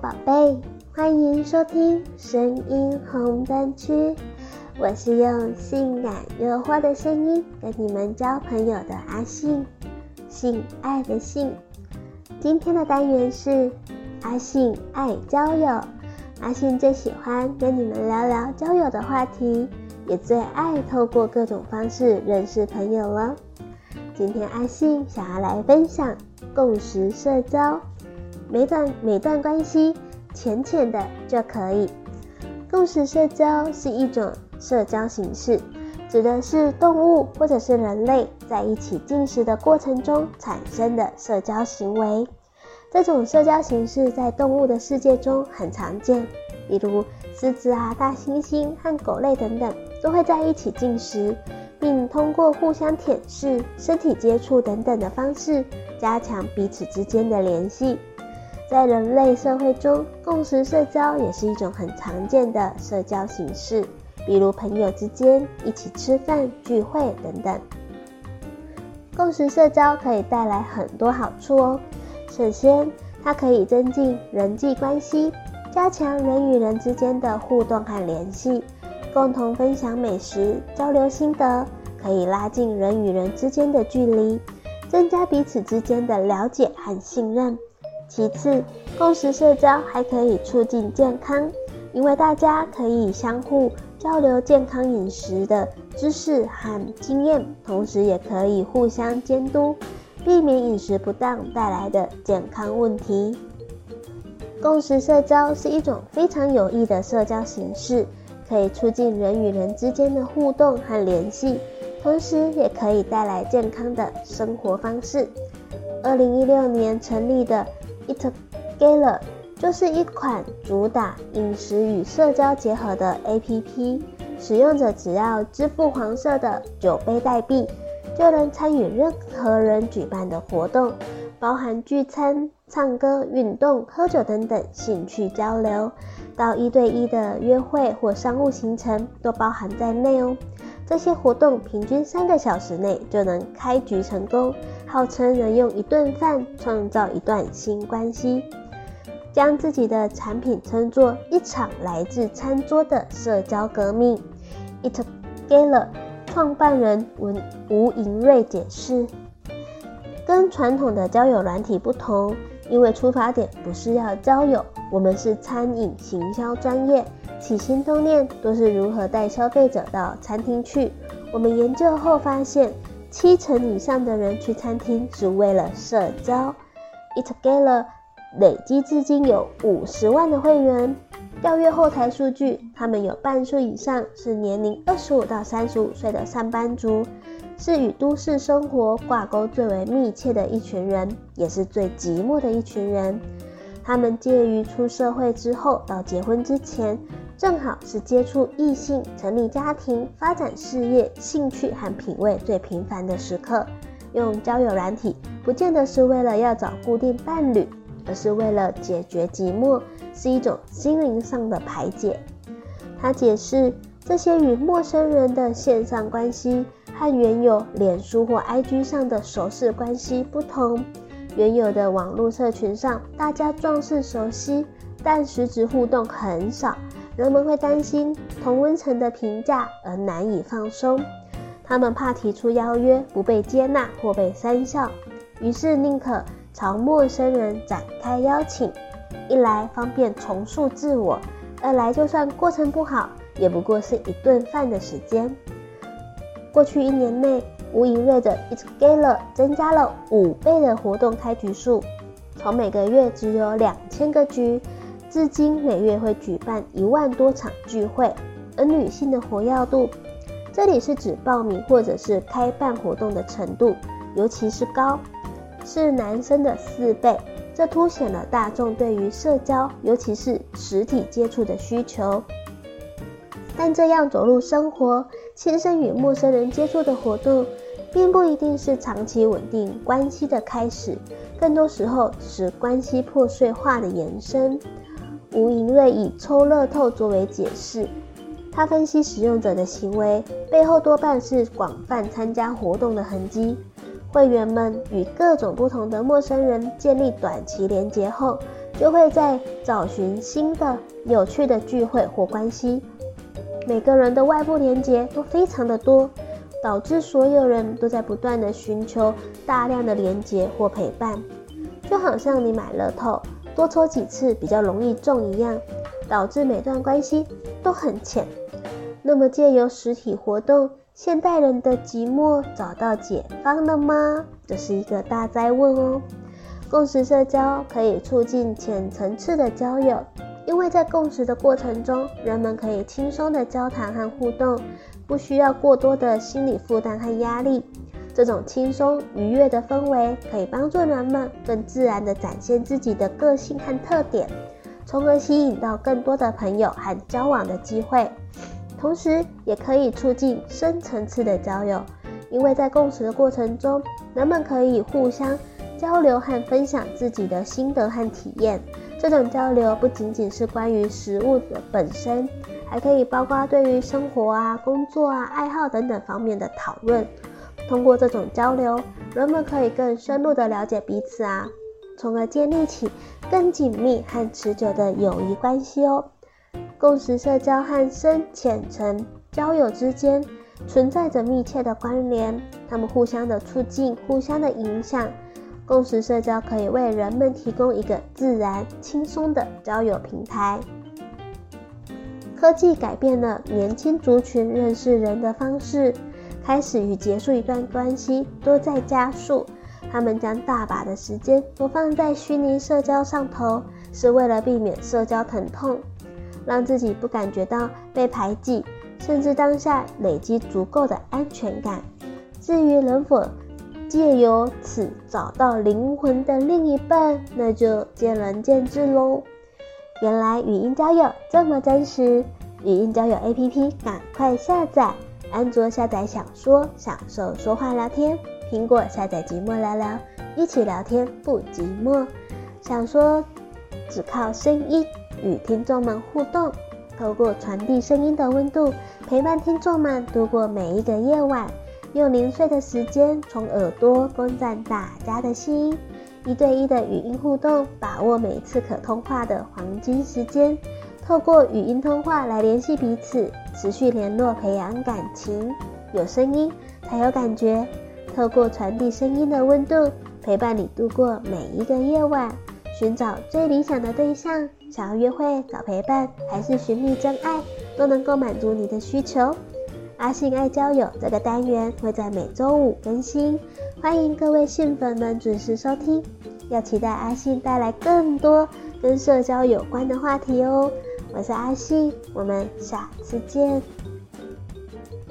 寶貝，歡迎收聽聲音紅燈區。我是用性感誘惑的聲音跟你們交朋友的阿性，性愛的性。今天的單元是阿性愛交友，阿性最喜歡跟你們聊聊交友的話題，也最愛透過各種方式認識朋友了哦。今天阿性想要來分享共食社交。每段每段關係，淺淺的就可以。共食社交是一種社交形式，指的是動物或者是人類在一起進食的過程中產生的社交行為。這種社交形式在動物的世界中很常見，比如獅子啊、大猩猩和狗類等等都會在一起進食，並通過互相舔舐、身體接觸等等的方式加強彼此之間的聯繫。在人類社會中，共食社交也是一種很常見的社交形式，比如朋友之間一起吃飯、聚會等等。共食社交可以帶來很多好處哦。首先，它可以增進人際關係，加強人與人之間的互動和聯繫，共同分享美食、交流心得，可以拉近人與人之間的距離，增加彼此之間的了解和信任。其次，共食社交還可以促進健康，因為大家可以相互交流健康飲食的知識和經驗，同時也可以互相監督，避免飲食不當帶來的健康問題。共食社交是一種非常有益的社交形式，可以促進人與人之間的互動和聯繫，同時也可以帶來健康的生活方式。二零一六年成立的。It Gala 就是一款主打飲食與社交結合的 APP，使用者只要支付黃色的酒杯代幣，就能參與任何人舉辦的活動，包含聚餐、唱歌、運動、喝酒等等興趣交流，到一對一的約會或商務行程都包含在內哦。這些活動平均三個小時內就能開局成功，號稱能用一頓飯創造一段新關係，將自己的產品稱作一場來自餐桌的社交革命。Eatgether 創辦人文吳銀瑞解釋，跟傳統的交友軟體不同。因為出發點不是要交友，我們是餐飲行銷專業，起心動念都是如何帶消費者到餐廳去。我們研究後發現，七成以上的人去餐廳只為了社交。EatGether 累積至今有五十萬的會員，調閱後台數據，他們有半數以上是年齡二十五到三十五歲的上班族。是與都市生活掛鈎最為密切的一群人，也是最寂寞的一群人。他們介於出社會之後到結婚之前，正好是接觸異性、成立家庭、發展事業、興趣和品味最頻繁的時刻。用交友軟體，不見得是為了要找固定伴侶，而是為了解決寂寞，是一種心靈上的排解。他解釋，這些與陌生人的線上關係，和原有臉書或 IG 上的熟識關係不同，原有的網絡社群上大家狀似熟悉，但實質互動很少。人們會擔心同溫層的評價而難以放鬆，他們怕提出邀約不被接納或被訕笑，於是寧可朝陌生人展開邀請。一來方便重塑自我，二來就算過程不好，也不過是一頓飯的時間。過去一年內，無影銳的 It s Gala 增加了五倍的活動開局數，從每個月只有兩千個局，至今每月會舉辦一萬多場聚會。而女性的活躍度，這裡是指報名或者是開辦活動的程度，尤其是高，是男生的四倍。這凸顯了大眾對於社交，尤其是實體接觸的需求。但這樣走入生活。親身與陌生人接觸的活動，並不一定是長期穩定關係的開始，更多時候是關係破碎化的延伸。吳盈瑞以抽樂透作為解釋，他分析使用者的行為背後多半是廣泛參加活動的痕跡。會員們與各種不同的陌生人建立短期連結後，就會再找尋新的有趣的聚會或關係。每個人的外部連接都非常的多，導致所有人都在不斷的尋求大量的連接或陪伴，就好像你買樂透多抽幾次比較容易中一樣，導致每段關係都很淺。那麼借由實體活動，現代人的寂寞找到解放了嗎？這、就是一個大哉問哦。共食社交可以促進淺層次的交友。因為在共食的過程中，人們可以輕鬆地交談和互動，不需要過多的心理負擔和壓力。這種輕鬆愉悅的氛圍可以幫助人們更自然地展現自己的個性和特點，從而吸引到更多的朋友和交往的機會。同時，也可以促進深層次的交友，因為在共食的過程中，人們可以互相交流和分享自己的心得和體驗。這種交流，不僅僅是關於食物的本身，還可以包括對於生活啊、工作啊、愛好等等方面的討論。通過這種交流，人們可以更深入的了解彼此啊，從而建立起更緊密和持久的友誼關係哦。共食社交和深淺層交友之間存在着密切的關聯，他們互相的促進，互相的影響。共食社交可以為人們提供一個自然、輕鬆的交友平台。科技改變了年輕族群認識人的方式，開始與結束一段關係都在加速。他們將大把的時間都放在虛擬社交上頭，是為了避免社交疼痛，讓自己不感覺到被排擠，甚至當下累積足夠的安全感。至於能否，借由此找到靈魂的另一半，那就見仁見智嘍。原來語音交友這麼真實，語音交友 APP 趕快下載，安卓下載享說，享受說話聊天；蘋果下載寂寞聊聊，一起聊天不寂寞。享說只靠聲音與聽眾們互動，透過傳遞聲音的溫度，陪伴聽眾們度過每一個夜晚。用零碎的時間從耳朵攻占大家的心，一對一的語音互動，把握每次可通話的黃金時間，透過語音通話來聯繫彼此，持續聯絡培養感情。有聲音才有感覺，透過傳遞聲音的溫度，陪伴你度過每一個夜晚。尋找最理想的對象，想要約會，找陪伴，還是尋覓真愛，都能夠滿足你的需求。阿性愛交友這個單元會在每週五更新，歡迎各位性粉們準時收聽，要期待阿性帶來更多跟社交有關的話題哦。我是阿性，我們下次見。